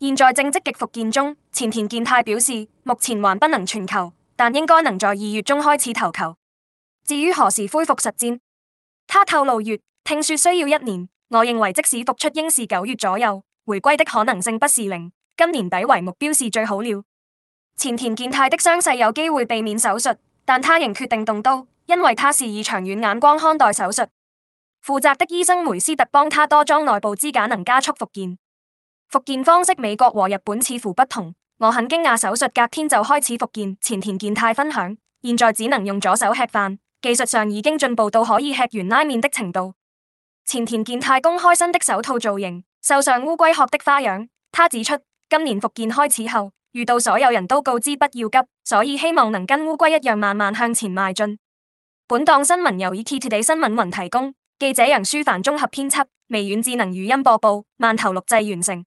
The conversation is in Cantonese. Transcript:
現在正積極復健中，前田健太表示目前還不能傳球，但應該能在二月中開始投球。至於何時恢復實戰，他透露月聽說需要一年，我認為即使復出應是九月左右回歸的可能性不是零，今年底為目標是最好了。前田健太的傷勢有機會避免手術，但他仍決定動刀，因為他是以長遠眼光看待手術。負責的醫生梅斯特幫他多裝內部支架，能加速復健。復健方式美國和日本似乎不同，我很驚訝手術隔天就開始復健。前田健太分享，現在只能用左手吃飯，技術上已經進步到可以吃完拉麵的程度。前田健太公開新的手套造型，繡上烏龜殼的花樣。他指出，今年復健開始後，遇到所有人都告知不要急，所以希望能跟烏龜一樣慢慢向前邁進。本檔新聞由《ETtoday 新聞雲》提供，記者楊舒凡綜合編輯，微軟智能語音播報，饅頭錄製完成。